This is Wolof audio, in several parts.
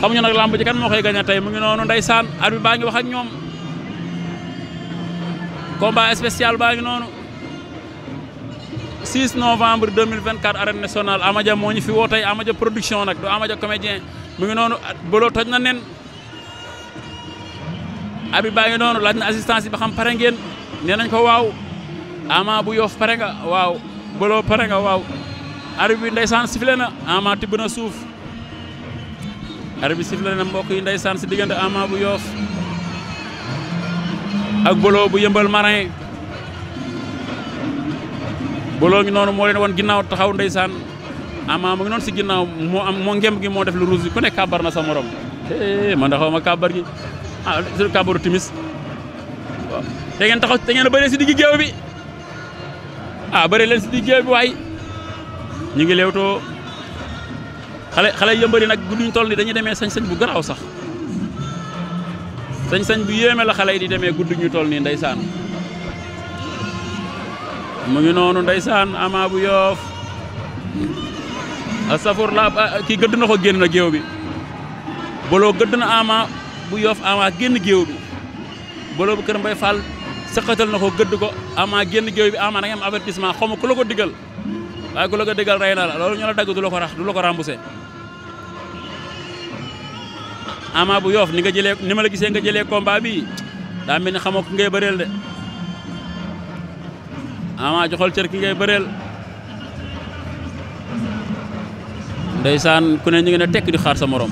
xamuñu nag làmb ji kan moo koy gagné tey mu ngi noonu ndeysaan at bi baa ngi wax ak ñoom combat spécial baa ngi noonu 6 novembre 2024 arène nationale Amadia moo ñu fi woo tey Amadia production nag du Amadia comédien mu ngi noonu bëloo toj na nen at bi noonu laaj na assistance yi ba xam pare ngeen nee nañ ko waaw ama bu yoof pare nga waaw bëloo pare waaw at bi ndeysaan sifle na ama tibb na suuf arbi sifle na mbokk yi ndeysaan si diggante Ama bu Yoff ak Bolo bu yëmbal marin Bolo ngi noonu moo leen wan ginnaaw taxaw ndeysaan Ama mu ngi noonu si ginnaaw moo am moo ngem gi moo def lu ruus bi ku nekk kàbbar na sa morom eh man da xaw ma gi ah su kàbbaru timis te ngeen taxaw te ngeen bëree si digg géew bi ah bëree leen si digg géew bi waay ñu ngi leewtoo xale xale yëmbali nag gudduñ toll ni dañuy demee sañ bu garaaw sax sañ-sañ bu yéeme la xale yi di demee gudd ñu toll nii ndeysaan mu ngi noonu ndeysaan ama bu yoof safur la ah, kii gëdd na ko génn géew bi boloo gëdd na ama bu yoof ama génn géew bi boloo bu kër mbay fall sëqatal na ko gëdd ko ama génn géew bi ama da nga am ma ku la ko digal waaye ku la ko digal rey naa la loolu ñu la dagg du la ko rax du la ko remboursé Ama bu Yoff ni nga jëlee ni ma la gisee nga jëlee combat bi daa mel ni xamoo ki ngay bëreel de Ama joxol cër ki ngay bëreel ndeysaan ku ne ñu ngi tekk di xaar sa moroom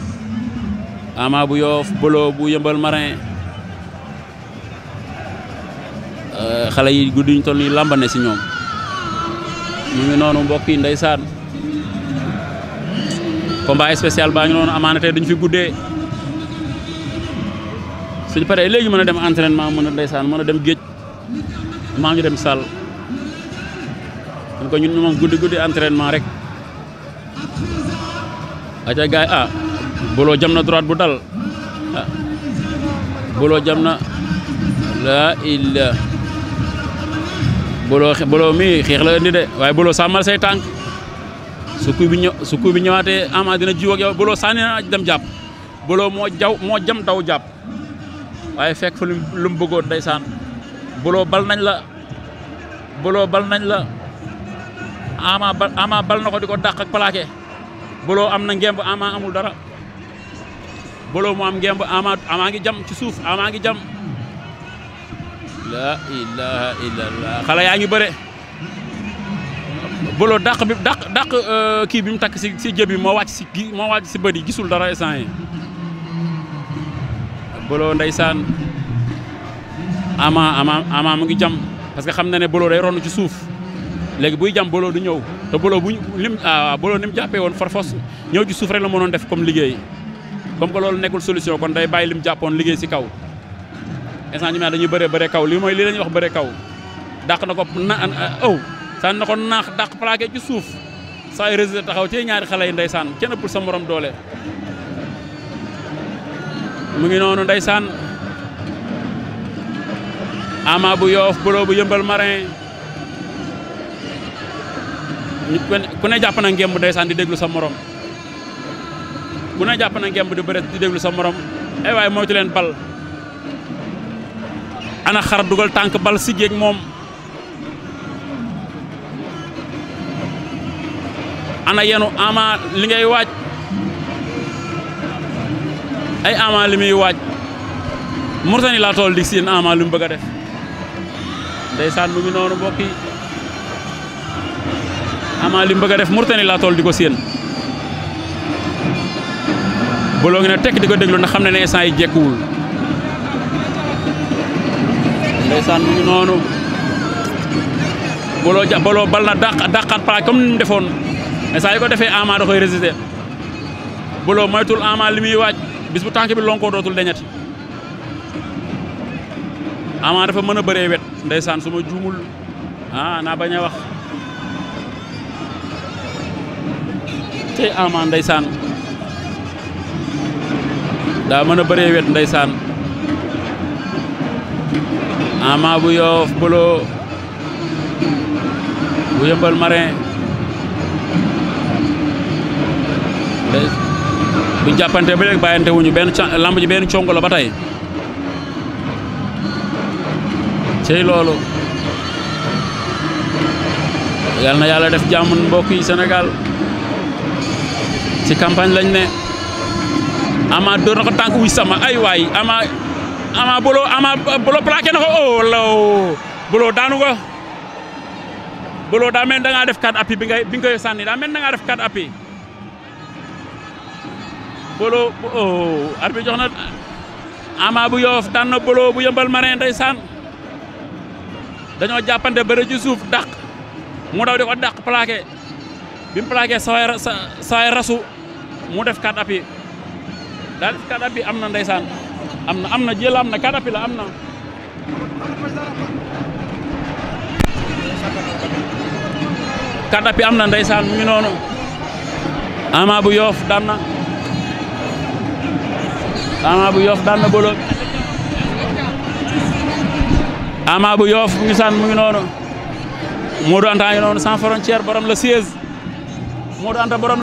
Ama bu Yoff Bolo bu yëmbal marin euh, xale yi guddi ñu toll nii làmbane si ñoom ñu ngi noonu mbokk yi ndeysaan combat spécial baa ngi noonu amaana tey duñu fi guddee suñu paree léegi mën a dem entraînement mën a ndeysaan dem géej maa ngi dem salle kon ñun moom guddi guddi entrainement rek aca gaay ah, boloo jam na droite bu dal ah boloo jam na laa illa boloo boloo mi xeex la indi de waaye boloo sàmmal say tànk su kuy bi ñëw su kuy bi ñëwaatee ama dina jiw ak yow boloo sànni na dem jàpp boloo moo jaw moo jam daw jàpp waaye fekk fa lu mu bëggoon ndeysaan buloo bal nañ la buloo bal nañ la ama bal ama bal na ko di ko dàq ak plaqué buloo am na ngemb ama amul dara buloo mu am ngemb ama ama ngi jam ci suuf ama ngi jam la ilaha illallah xale yaa ngi bëre buloo dàq bi dàq dàq euh, kii bi mu takk si si jëb bi moo wàcc si moo wàcc si bët yi gisul dara instant yi Bolo ndeysaan ama ama ama mu ngi jam parce que xam na ne Bolo day ron ci suuf léegi buy jam Bolo du ñëw te Bolo bu ñu lim ah, Bolo ni mu jàppee woon farfos ñëw ci suuf rek la mënoon def comme liggéey comme que loolu nekkul solution kon day bàyyi lim jàppoon liggéey si kaw. instant ñu naan dañuy bëree bëree kaw lii mooy lii la ñuy wax bëree kaw dàq na ko na ah, aw sànni na ko naax dàq plaqué ci suuf saa yu taxaw ci ñaari xale yi ndeysaan kenn ëppul sa morom doole. mu ngi noonu ndeysaan ama bu yoof buloo bu yëmbal marin ku ne jàpp na ngemb ndeysaan di déglu sa morom ku ne jàpp na ngemb di bëre di déglu sa morom ay waaye moytu leen bal ana xar dugal tànk bal si moom ana yenu ama li ngay waaj ay Ama li muy waaj Mourtani laa tool di seen Ama lu mu bëgg a def ndeysaan mu ngi noonu mbokk yi mu bëgg a def Mourtani laa tool di ko seen boloo ngi ne tekk di ko déglu ndax xam ne ne instant yi jekkuwul ndeysaan mu ngi noonu boloo ja boloo bal na dàq dàqaat palaaj comme ni mu defoon instant yi ko defee Ama da koy résister moytul Ama muy waaj bis bu tànk bi lonkoo dootul deñati Ama dafa mën a bëree wet ndeysaan su ma juumul ah bañ a wax te Ama ndeysaan daa mën a bëree wet ndeysaan Ama bu Yoff Bolo bu Yeumbeul Marin bu jàppante ba léegi bàyyante wuñu benn lamb ji benn congo la ba tey cey loolu yal na yàlla def jàmm mbokk senegal Sénégal ci campagne lañ ne ama door na ko tànk wuy sama ay waay ama ama bolo ama bolo plaqué na ko oh law bolo daanu ko bolo daa mel da ngaa def quatre appuis bi nga bi nga koy sànni daa mel da def quatre appuis bolo oh arbitre jox na ama bu yoof daan na bolo bu yëmbal marin ndeysaan dañoo jàppante bëre ci suuf dàq mu daw di ko dàq plaqué bi mu plaqué sawaay rasu mu def quatre appuis daal def quatre appuis am na ndeysaan am na am na jël am na quatre appuis la am na quatre appuis am na ndeysaan mu ngi noonu ama bu yoof daan na Ama bu Yoff daan na Bolo Ama bu Yoff mu ngi saan mu ngi noonu Modou Anta ngi noonu sans borom la siège Modou Anta borom